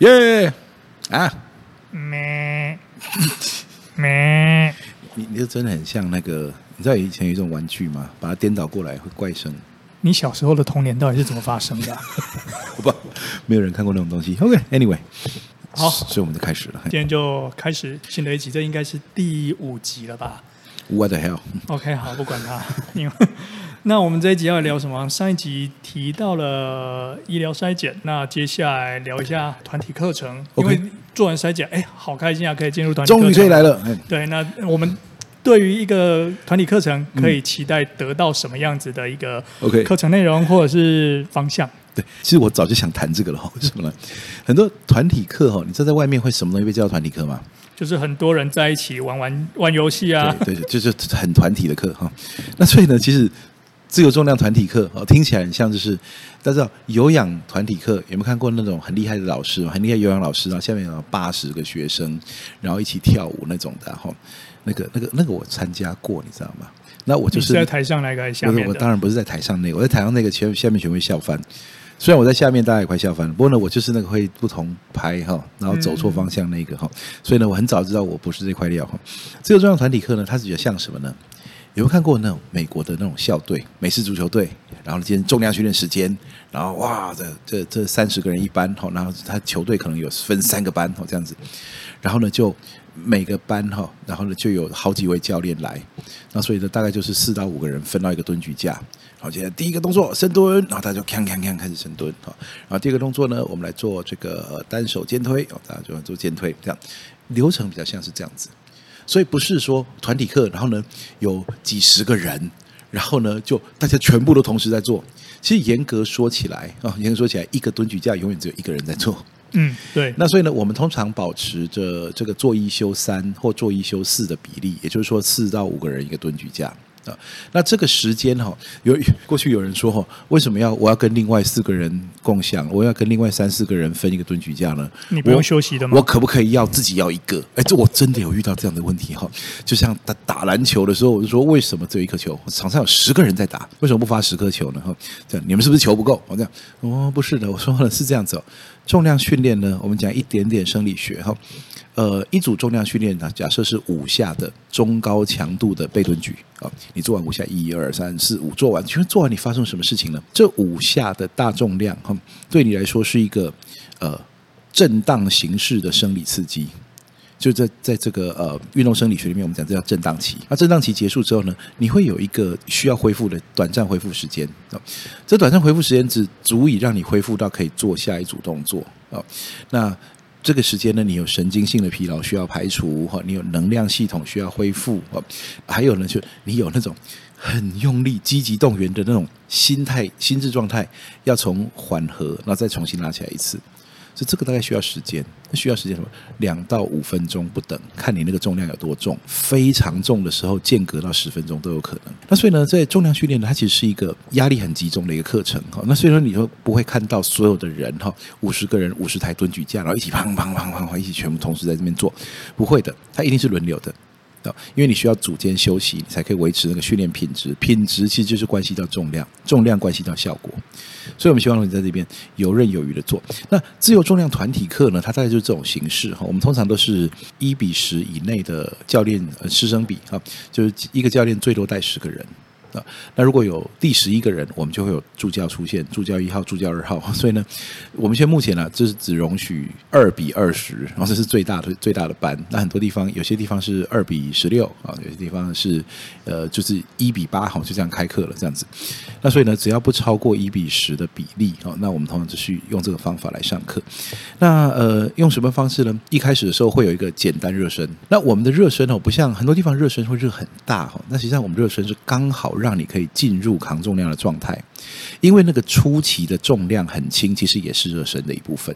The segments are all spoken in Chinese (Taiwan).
耶！啊！咩咩！你 你就真的很像那個，你知道以前有一種玩具嗎？把它顛倒過來會怪聲。你小時候的童年到底是怎麼發生的、啊？ 不，沒有人看過那種東西。OK，Anyway，、okay, 好，所以我們就開始了。今天就開始新的一集，這應該是第五集了吧？What the hell？OK，、okay, 好，不管它。 因為那我們這一集要聊什麼？上一集提到了醫療篩檢，那接下來聊一下團體課程。Okay, 因為做完篩檢，哎、欸，好開心啊，可以進入團體課程。終於可以來了。對，那我們對於一個團體課程，可以期待得到什麼樣子的一個 OK 課程內容或者是方向？Okay, 對，其實我早就想談這個了。為什麼呢？很多團體課哈，你知道在外面會什麼東西被叫團體課嗎？就是很多人在一起玩玩玩遊戲啊，對，對，就是很團體的課哈。那所以呢，其實。自由重量團體課哦，聽起來很像，就是，大家知道有氧團體課，有沒有看過那種很厲害的老師，很厲害的有氧老師，然後下面有八十個學生，然後一起跳舞那種的哈，那個、那個、那個我參加過，你知道嗎？那我就是，是在台上那個還是下面，是我當然不是在台上那個，我在台上那個全下面全會笑翻，雖然我在下面大家也快笑翻，不過呢，我就是那個會不同拍哈，然後走錯方向那個哈，嗯，所以呢，我很早知道我不是這塊料哈。自由重量團體課呢，它是比較像什麼呢？有沒有看過那美國的那種校隊、美式足球隊？然後呢，今天重量訓練時間，然後哇，這這這三十個人一班，然後他球隊可能有分三個班，這樣子，然後呢，就每個班哈，然後呢，就有好幾位教練來，那所以呢，大概就是四到五個人分到一個蹲舉架，然後接下來第一個動作深蹲，然後大家就鏘鏘鏘開始深蹲，然後第二個動作呢，我們來做這個單手肩推，大家就做肩推，這樣流程比較像是這樣子。所以不是說團體課，然後呢，有幾十個人，然後呢，就大家全部都同時在做。其實嚴格說起來啊、哦，嚴格說起來，一個蹲舉架永遠只有一個人在做。嗯，對。那所以呢，我們通常保持着這個做一休三或做一休四的比例，也就是說四到五個人一個蹲舉架。哦、那這個時間哈、哦，由於過去有人說哈、哦，為什麼要我要跟另外四個人共享，我要跟另外三四個人分一個蹲舉架呢？你不用休息的嗎？我？我可不可以要自己要一個？哎，這我真的有遇到這樣的問題哈、哦。就像打打籃球的時候，我就說，為什麼只有一個球？場上有十個人在打，為什麼不發十顆球呢？哈、哦，這樣你們是不是球不夠？我、哦、這樣哦，不是的，我說了是這樣子哦。重量訓練呢？我們講一點點生理學哈，呃，一組重量訓練呢，假設是五下的中高強度的背蹲舉啊，你做完五下，一、二、三、四、五，做完，因為做完你發生什麼事情呢？這五下的大重量哈，對你來說是一個呃震盪形式的生理刺激。就在在這個呃運動生理學裡面，我們講這叫震盪期。那，啊，震盪期結束之後呢，你會有一個需要恢復的短暫恢復時間。哦，這短暫恢復時間只足以讓你恢復到可以做下一組動作。哦，那這個時間呢，你有神經性的疲勞需要排除，哦，你有能量系統需要恢復。哦，還有呢，就你有那種很用力、積極動員的那種心態、心智狀態要從緩和，那再重新拉起來一次。所以這個大概需要時間，那需要時間什麼？兩到五分鐘不等，看你那個重量有多重。非常重的時候，間隔到十分鐘都有可能。那所以呢，在重量訓練呢，它其實是一個壓力很集中的一個課程。那所以說，你說不會看到所有的人哈，五十個人五十台蹲舉架，然後一起砰砰砰砰砰，一起全部同時在這邊做，不會的，它一定是輪流的。啊，因為你需要組間休息，你才可以維持那個訓練品質。品質其實就是關係到重量，重量關係到效果。所以，我們希望你在這邊游刃有餘地做。那自由重量團體課呢，它大概就是這種形式哈。我們通常都是一比十以內的教練師生比哈，就是一個教練最多帶十個人。那如果有第十一個人，我們就會有助教出現，助教一號、助教二號。所以呢，我們現在目前呢、啊，就是只容許二比二十，然後這是最大的最大的班。那很多地方，有些地方是二比十六啊，有些地方是呃，就是一比八，好，就這樣開課了這樣子。那所以呢，只要不超過一比十的比例，那我們通常就是用這個方法來上課。那呃，用什麼方式呢？一開始的時候會有一個簡單熱身。那我們的熱身不像很多地方熱身會熱很大，那實際上我們熱身是剛好讓你可以進入扛重量的狀態，因為那個初期的重量很輕，其實也是熱身的一部分。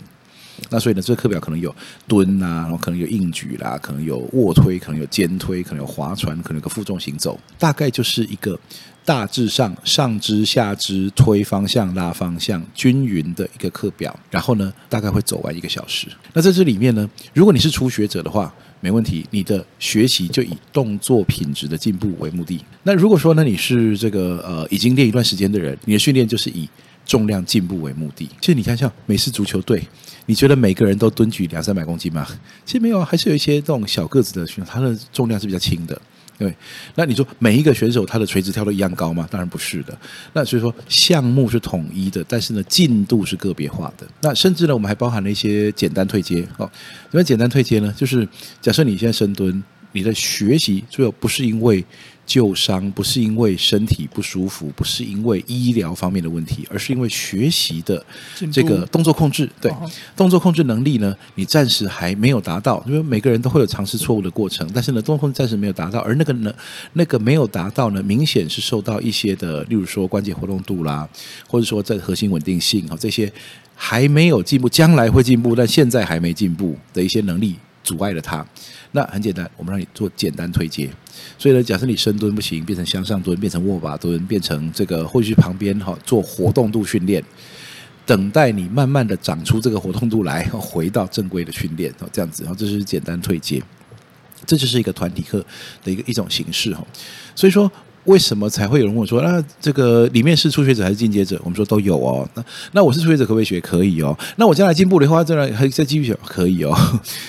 那所以呢，這課表可能有蹲啊，然後可能有硬舉啦、啊，可能有臥推，可能有肩推，可能有划船，可能有個負重行走，大概就是一個。大致上，上肢、下肢、推方向、拉方向，均勻的一個課表，然後呢，大概會走完一個小時。那在這裡面呢，如果你是初學者的話，沒問題，你的學習就以動作品質的進步為目的。那如果說呢，你是這個呃已經練一段時間的人，你的訓練就是以重量進步為目的。其實你看像美式足球隊，你覺得每個人都蹲舉兩三百公斤嗎？其實沒有，還是有一些這種小個子的訓練，他的重量是比較輕的。對，那你說每一個選手他的垂直跳都一樣高嗎？當然不是的。那所以說，項目是統一的，但是呢，進度是個別化的。那甚至呢，我們還包含了一些簡單退階哦。怎麼簡單退階呢，就是假設你現在深蹲，你的學習最後不是因為。舊傷，不是因為身體不舒服，不是因為醫療方面的問題，而是因為學習的這個動作控制。對，動作控制能力呢，你暫時還沒有達到，因為每個人都會有嘗試錯誤的過程。但是呢，動作控制暫時沒有達到，而那個呢？那個沒有達到呢，明顯是受到一些的，例如說關節活動度啦，或者說在核心穩定性啊這些還沒有進步，將來會進步，但現在還沒進步的一些能力。阻礙了他，那很簡單，我們讓你做簡單推階。所以呢，假設你深蹲不行，變成向上蹲，變成握把蹲，變成這個或者去旁邊哈、哦、做活動度訓練，等待你慢慢的長出這個活動度來，哦、回到正規的訓練，哦、這樣子，然、哦、後這就是簡單推階，這就是一個團體課的一個一種形式、哦、所以說。為什麼才會有人問我說，那這個裡面是初學者還是進階者？我們說都有哦。那那我是初學者可不可以學？可以哦。那我將來進步的話，將再來還在繼續學？可以哦。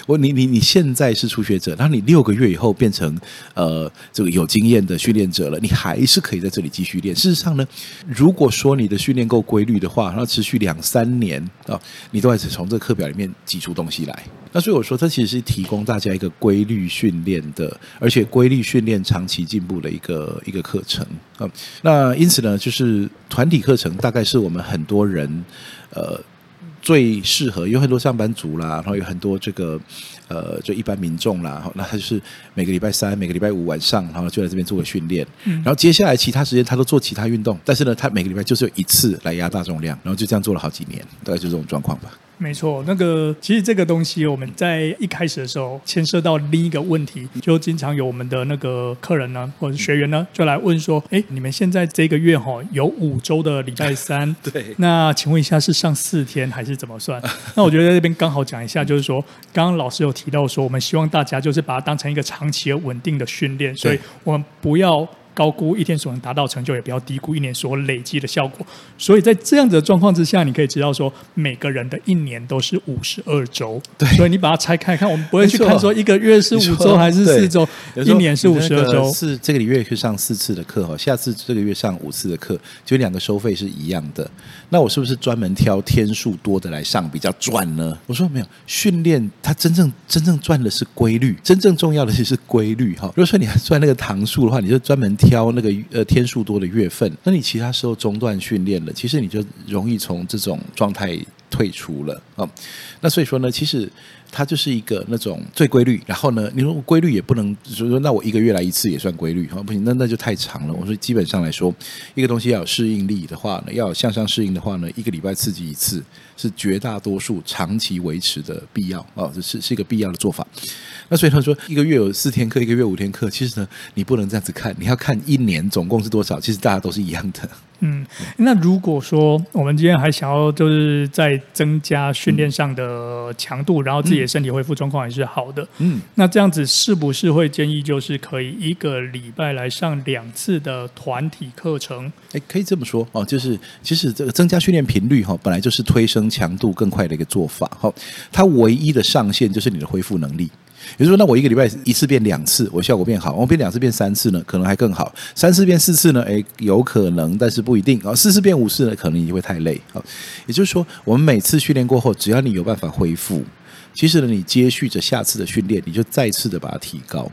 我你你你現在是初學者，那你六個月以後變成呃、這個有經驗的訓練者了，你還是可以在這裡繼續練。事實上呢，如果說你的訓練夠規律的話，然後持續兩三年啊，你都還是從這個課表裡面擠出東西來。那所以我說，它其實是提供大家一個規律訓練的，而且規律訓練長期進步的一個一個課程啊。那因此呢，就是團體課程大概是我們很多人呃最適合，有很多上班族啦，然後有很多這個呃就一般民眾啦，那他就是每個禮拜三、每個禮拜五晚上，然後就來這邊做個訓練。嗯、然後接下來其他時間他都做其他運動，但是呢，他每個禮拜就是有一次來壓大重量，然後就這樣做了好幾年，大概就這種狀況吧。沒錯，那個其實這個東西我們在一開始的時候牽涉到另一個問題，就經常有我們的那個客人呢，或者是學員呢，就來問說：“誒，你們現在這個月哈、哦、有五週的禮拜三，對，那請問一下是上四天還是怎麼算？”那我覺得在這邊剛好講一下，就是說，剛剛老師有提到說，我們希望大家就是把它當成一個長期而穩定的訓練，所以我們不要。高估一天所能達到成就，也不要低估一年所累積的效果。所以在這樣子的狀況之下，你可以知道說，每個人的一年都是五十二週。對，所以你把它拆開看，我們不會去看說一個月是五週還是四週，一年是五十二週。是這個月去上四次的課哈，下次這個月上五次的課，就兩個收費是一樣的。那我是不是專門挑天數多的來上比較賺呢？我說沒有，訓練它真正真正賺的是規律，真正重要的是是規律哈。如果說你還賺那個堂數的話，你就專門。挑那個呃天數多的月份，那你其他時候中斷訓練了，其實你就容易從這種狀態退出了。那所以說呢，其實它就是一個那種最規律。然後呢，你說規律也不能，就是說那我一個月來一次也算規律，不行，那那就太長了。我說基本上來說，一個東西要有適應力的話呢，要有向上適應的話呢，一個禮拜刺激一次，是絕大多數長期維持的必要啊，這、哦、是是一個必要的做法。那所以他說一個月有四天課，一個月五天課，其實呢，你不能這樣子看，你要看一年總共是多少。其實大家都是一樣的。嗯，那如果說我們今天還想要，就是再增加訓練上的強度，然後自己的身體恢復狀況也是好的，嗯，那這樣子是不是會建議就是可以一個禮拜來上兩次的團體課程？哎，可以這麼說哦，就是其實這個增加訓練頻率哈、哦，本來就是推升。強度更快的一個做法，好，它唯一的上限就是你的恢復能力。也就是說，那我一個禮拜一次變兩次，我效果變好；我變兩次變三次呢，可能還更好；三次變四次呢，誒，有可能，但是不一定啊。四次變五次呢，可能你會太累。好，也就是說，我們每次訓練過後，只要你有辦法恢復。其實呢，你接續着下次的訓練，你就再次的把它提高。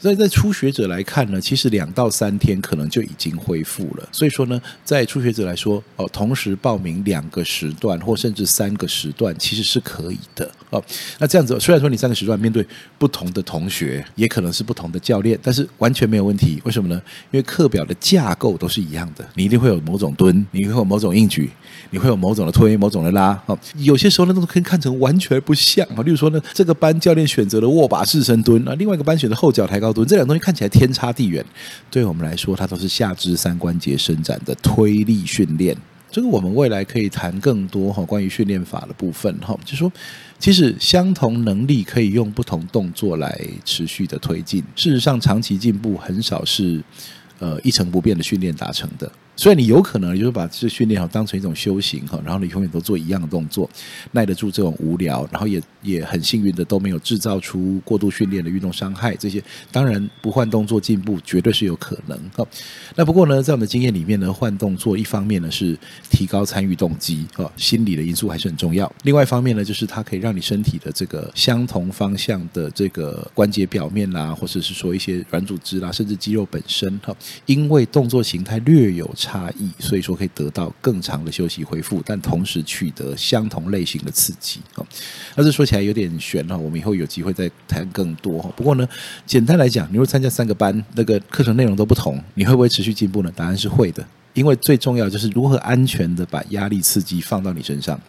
所以在初學者來看呢，其實兩到三天可能就已經恢復了。所以說呢，在初學者來說，哦，同時報名兩個時段或甚至三個時段，其實是可以的。哦，那這樣子，雖然說你三個時段面對不同的同學，也可能是不同的教練，但是完全沒有問題。為什麼呢？因為課表的架構都是一樣的，你一定會有某種蹲，你會有某種硬舉，你會有某種的推，某種的拉。哦，有些時候呢，都可以看成完全不像。例如說呢，這個班教練選擇了握把式深蹲，那另外一個班選擇後腳抬高蹲，這兩個東西看起來天差地遠，對我們來說，它都是下肢三關節伸展的推力訓練。這個我們未來可以談更多哈、哦、關於訓練法的部分哈、哦，就是說，其實相同能力可以用不同動作來持續的推進。事實上，長期進步很少是呃一成不變的訓練達成的。所以你有可能你就是把這訓練好當成一種修行哈，然後你永遠都做一樣的動作，耐得住這種無聊，然後也也很幸運的都沒有制造出過度訓練的運動傷害。這些當然不換動作進步絕對是有可能哈。那不過呢，在我們的經驗裡面呢，換動作一方面呢是提高參與動機哈，心理的因素還是很重要。另外一方面呢，就是它可以讓你身體的這個相同方向的這個關節表面啦、啊，或者是，是說一些軟組織啦、啊，甚至肌肉本身哈，因為動作形態略有差。差異，所以說可以得到更長的休息恢復，但同時取得相同類型的刺激啊。而這說起來有點懸，我們以後有機會再談更多。不過呢，簡單來講，你如果參加三個班，那個課程內容都不同，你會不會持續進步呢？答案是會的，因為最重要就是如何安全地把壓力刺激放到你身上。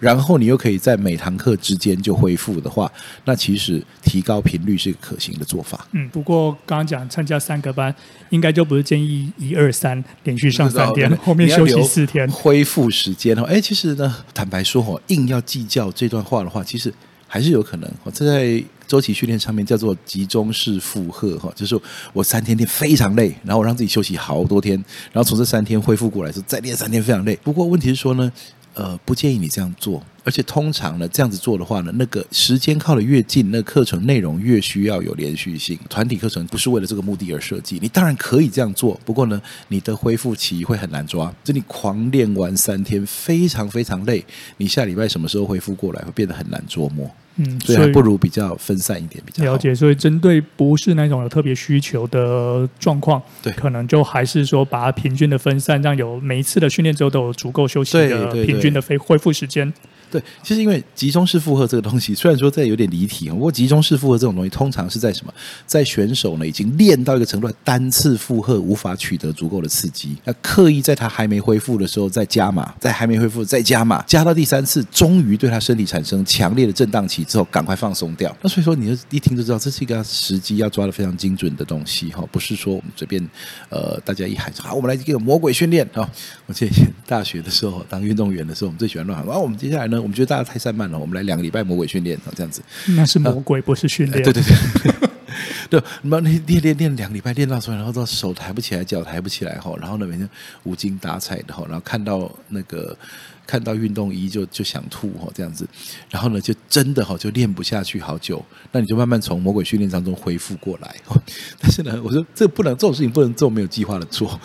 然後你又可以在每堂課之間就恢復的話，那其實提高頻率是個可行的做法。嗯，不過剛剛講參加三個班，應該就不是建議一，一二三連續上三天，後面休息四天恢復時間呢，哎，其實呢，坦白說哈，硬要計較這段話的話，其實還是有可能。這在周期訓練上面叫做集中式負荷哈，就是我三天天非常累，然後我讓自己休息好多天，然後從這三天恢復過來之後再練三天非常累。不過問題是說呢。呃，不建議你這樣做，而且通常呢，這樣子做的話呢，那個時間靠得越近，那課程內容越需要有連續性。團體課程不是為了這個目的而設計，你當然可以這樣做，不過呢，你的恢復期會很難抓。就你狂練完三天，非常非常累，你下禮拜什麼時候恢復過來，會變得很難琢磨。嗯，所以，所以還不如比較分散一點比較好。了解，所以針對不是那種有特別需求的狀況。對，可能就還是說把它平均的分散，讓有每一次的訓練之後都有足夠休息的平均的恢恢復時間。對，其實因為集中式負荷這個東西，雖然說這有點離題，不過集中式負荷這種東西，通常是在什麼，在選手呢已經練到一個程度，單次負荷無法取得足夠的刺激，那刻意在他還沒恢復的時候再加碼，在還沒恢復再加碼，加到第三次，終於對他身體產生強烈的震盪期之後，趕快放鬆掉。那所以說，你一聽就知道，這是一個時機要抓的非常精準的東西哈，不是說我們隨便呃，大家一喊啊，我們來一個魔鬼訓練啊！我記得大學的時候當運動員的時候，我們最喜歡亂喊，然後我們接下來呢？我們覺得大家太散漫了，我們來兩個禮拜魔鬼訓練啊，這樣子。那是魔鬼，不是訓練。啊、對對對， 對，你把那練練練，練兩個禮拜練到出來，然後到手抬不起來，腳抬不起來，吼，然後呢，每天無精打采的，吼，然後看到那個。看到運動衣就就想吐這樣子，然後呢，就真的就練不下去好久，那你就慢慢從魔鬼訓練當中恢復過來。但是呢，我說這不能這種事情不能做，沒有計劃的做。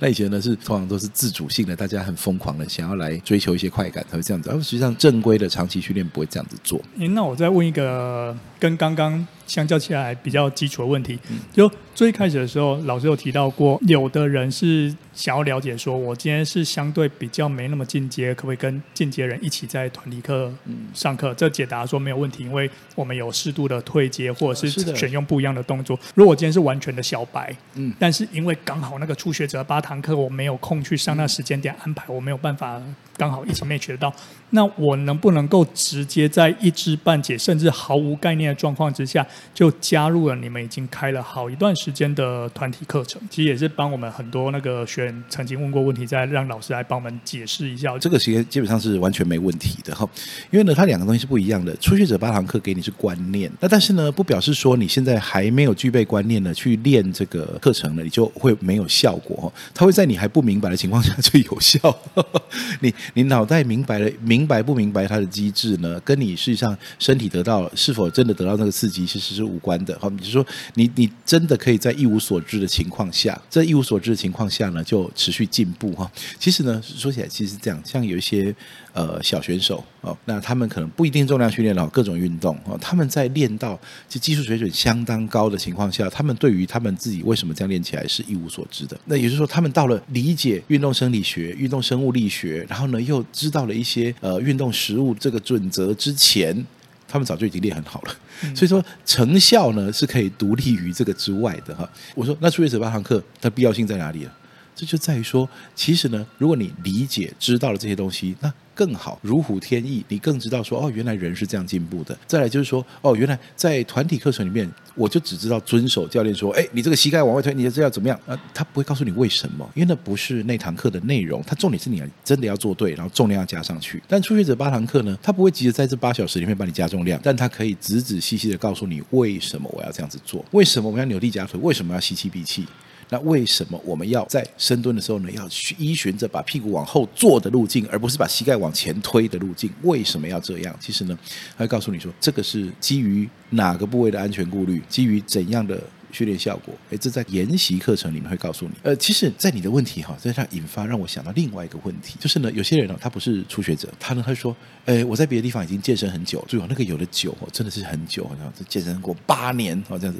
那以前呢，是通常都是自主性的，大家很瘋狂的想要來追求一些快感才會這樣子，而實際上正規的長期訓練不會這樣子做。誒，那我再問一個。跟剛剛相較起來比較基礎的問題，就最開始的時候老師有提到過，有的人是想要了解說，說我今天是相對比較沒那麼進階，可不可以跟進階人一起在團體課上課？這解答說沒有問題，因為我們有適度的退階，或者是選用不一樣的動作。的如果我今天是完全的小白，嗯，但是因為剛好那個初學者八堂課我沒有空去上，那時間點安排我沒有辦法剛好一起 match 到。那我能不能夠直接在一知半解甚至毫無概念的狀況之下，就加入了你們已經開了好一段時間的團體課程？其實也是幫我們很多那個學員曾經問過問題，再讓老師來幫我們解釋一下。這個其實基本上是完全沒問題的哈，因為呢，它兩個東西是不一樣的。初學者八堂課給你是觀念，那但是呢，不表示說你現在還沒有具備觀念呢，去練這個課程呢，你就會沒有效果。它會在你還不明白的情況下最有效。呵呵，你你腦袋明白了明。明白不明白它的機制呢？跟你實際上身體得到是否真的得到那個刺激，其實是無關的。好，比如說你你真的可以在一無所知的情況下，在一無所知的情況下呢，就持續進步哈？其實呢，說起來其實這樣，像有一些。呃，小選手哦，那他們可能不一定重量訓練了，各種運動、哦、他們在練到就技術水準相當高的情況下，他們對於他們自己為什麼這樣練起來是一無所知的。那也就是說，他們到了理解運動生理學、運動生物力學，然後呢又知道了一些呃運動實務這個準則之前，他們早就已經練很好了。嗯、所以說，成效呢是可以獨立於這個之外的哈。我說，那初學者八堂課它的必要性在哪裡了、啊？這就在於說，其實呢，如果你理解知道了這些東西，那更好，如虎添翼。你更知道說，哦，原來人是這樣進步的。再來就是說，哦，原來在團體課程裡面，我就只知道遵守教練說，誒，你這個膝蓋往外推，你這樣怎麼樣？呃、啊，他不會告訴你為什麼，因為那不是那堂課的內容。他重點是你真的要做對，然後重量要加上去。但初學者八堂課呢，他不會急着在這八小時裡面幫你加重量，但他可以仔仔細細地告訴你為什麼我要這樣子做，為什麼我們要扭力夾腿，為什麼要吸氣閉氣。那為什麼我們要在深蹲的時候呢，要去依循着把屁股往後坐的路徑，而不是把膝蓋往前推的路徑？為什麼要這樣？其實呢，他會告訴你說，這個是基於哪個部位的安全顧慮，基於怎樣的訓練效果。誒，這在研習課程裡面會告訴你。呃，其實，在你的問題哈、哦，在這引發讓我想到另外一個問題，就是呢，有些人呢、哦，他不是初學者，他呢，他說，哎，我在別的地方已經健身很久了，最後那個有的久，真的是很久，好像是健身過八年哦這樣子，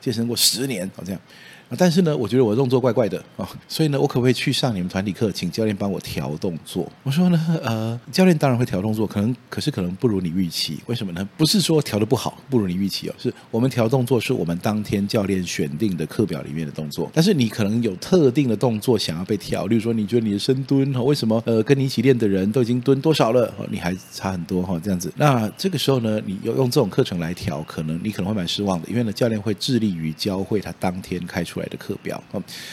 健身過十年哦這樣。但是呢，我覺得我的動作怪怪的哦，所以呢，我可不可以去上你們團體課，請教練幫我調動作？我說呢，呃，教練當然會調動作，可能可是可能不如你預期，為什麼呢？不是說調得不好，不如你預期哦，是我們調動作是我們當天教練選定的課表裡面的動作，但是你可能有特定的動作想要被調，例如說你覺得你的深蹲哈，為什麼？呃，跟你一起練的人都已經蹲多少了，哦，你還差很多哈，哦，這樣子。那這個時候呢，你要用這種課程來調，可能你可能會蠻失望的，因為呢，教練會致力於教會他當天開出來的課表，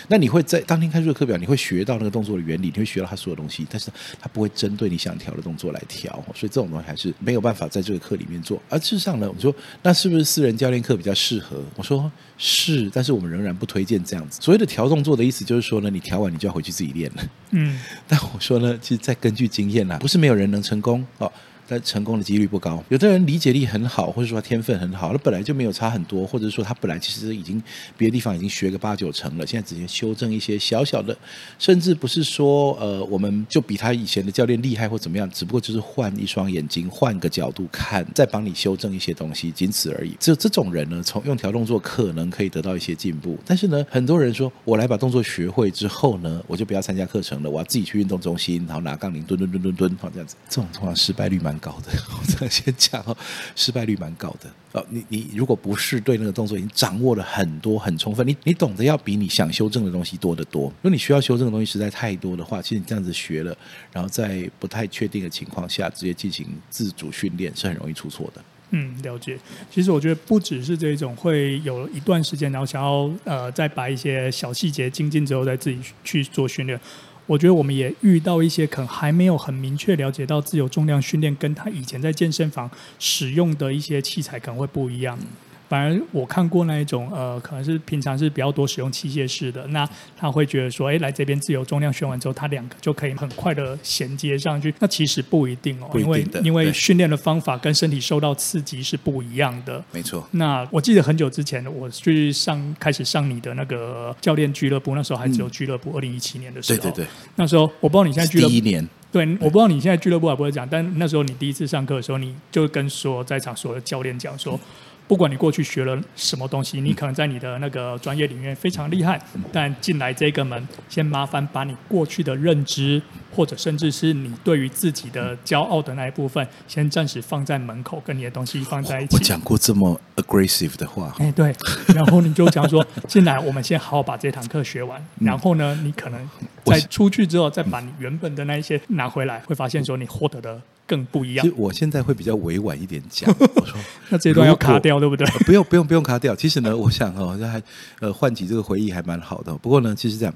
那你會在當天開始的課表，你會學到那個動作的原理，你會學到他所有的東西，但是他不會針對你想調的動作來調，所以這種東西還是沒有辦法在這個課裡面做。而事實上呢，我說那是不是私人教練課比較適合？我說是，但是我們仍然不推薦這樣子。所謂的調動作的意思就是說呢，你調完你就要回去自己練了。嗯，但我說呢，其實在根據經驗，啊，不是沒有人能成功，哦但成功的幾率不高。有的人理解力很好，或者說他天分很好，他本來就沒有差很多，或者說他本來其實已經別的地方已經學個八九成了，現在只能修正一些小小的，甚至不是說呃，我們就比他以前的教練厲害或怎麼樣，只不過就是換一雙眼睛，換個角度看，再幫你修正一些東西，僅此而已。只有這種人呢，從用調動作可能可以得到一些進步。但是呢，很多人說我來把動作學會之後呢，我就不要參加課程了，我要自己去運動中心，然後拿槓鈴蹲蹲蹲蹲蹲，好，這樣子。這種通常失敗率蠻高的，我這樣先講。失敗率蠻高的，你你如果不是對那個動作已經掌握了很多很充分，你你懂得要比你想修正的東西多得多。如果你需要修正的東西實在太多的話，其實你這樣子學了，然後在不太確定的情況下直接進行自主訓練，是很容易出錯的。嗯，了解。其實我覺得不只是這種，會有一段時間，然後想要呃，再把一些小細節精進之後，再自己去做訓練。嗯我覺得我們也遇到一些可能還沒有很明確了解到自由重量訓練跟他以前在健身房使用的一些器材可能會不一樣。嗯反而我看過那一種，呃，可能是平常是比較多使用器械式的，那他會覺得說，哎、欸，來這邊自由重量訓練完之後，他兩個就可以很快的銜接上去。那其實不一定哦，定因為因為訓練對的方法跟身體受到刺激是不一樣的。沒錯錯。那我記得很久之前我去上開始上你的那個教練俱樂部，那時候還只有俱樂部，二零一七年的時候。對對對。那時候我不知道你現在俱樂部，第一年。對，我不知道你現在俱樂部還不會講，但那時候你第一次上課的時候，你就跟所在場所有的教練講說。嗯不管你過去學了什麼東西，你可能在你的那個專業裡面非常厲害，嗯、但進來這個門，先麻煩把你過去的認知，或者甚至是你對於自己的驕傲的那一部分，先暫時放在門口，跟你的東西放在一起。我講過這麼 aggressive 的話？哎、欸，對。然後你就講說，進 來我們先好好把這堂課學完，然後呢，你可能在出去之後再把你原本的那一些拿回來，會發現說你獲得的更不一樣。其實我現在會比較委婉一點講，我說。 那這一段要卡掉，果對不對、呃？不用，不用，不用卡掉。其實呢， 我想哈、哦，好像還呃喚起這個回憶還蠻好的、哦。不過呢，其實這樣。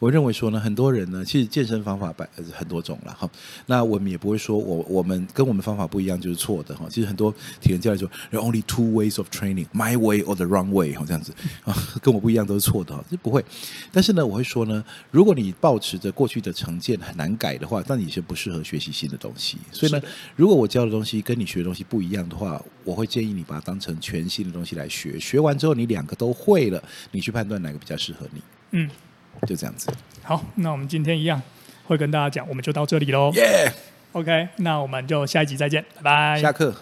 我認為說呢，很多人呢，其實健身方法百很多種了哈。那我們也不會說我我們跟我們方法不一樣就是錯的哈。其實很多體能教練說，There are only two ways of training, my way or the wrong way。哈，這樣子啊，跟我不一樣都是錯的哈，這不會。但是呢，我會說呢，如果你抱持著過去的成見很難改的話，那你是不適合學習新的東西。所以呢，的如果我教的東西跟你學的東西不一樣的話，我會建議你把它當成全新的東西來學。學完之後，你兩個都會了，你去判斷哪個比較適合你。嗯。就這樣子，好，那我們今天一樣會跟大家講，我們就到這裡嘍。耶 Yeah!，OK，那我們就下一集再見，拜拜。下課。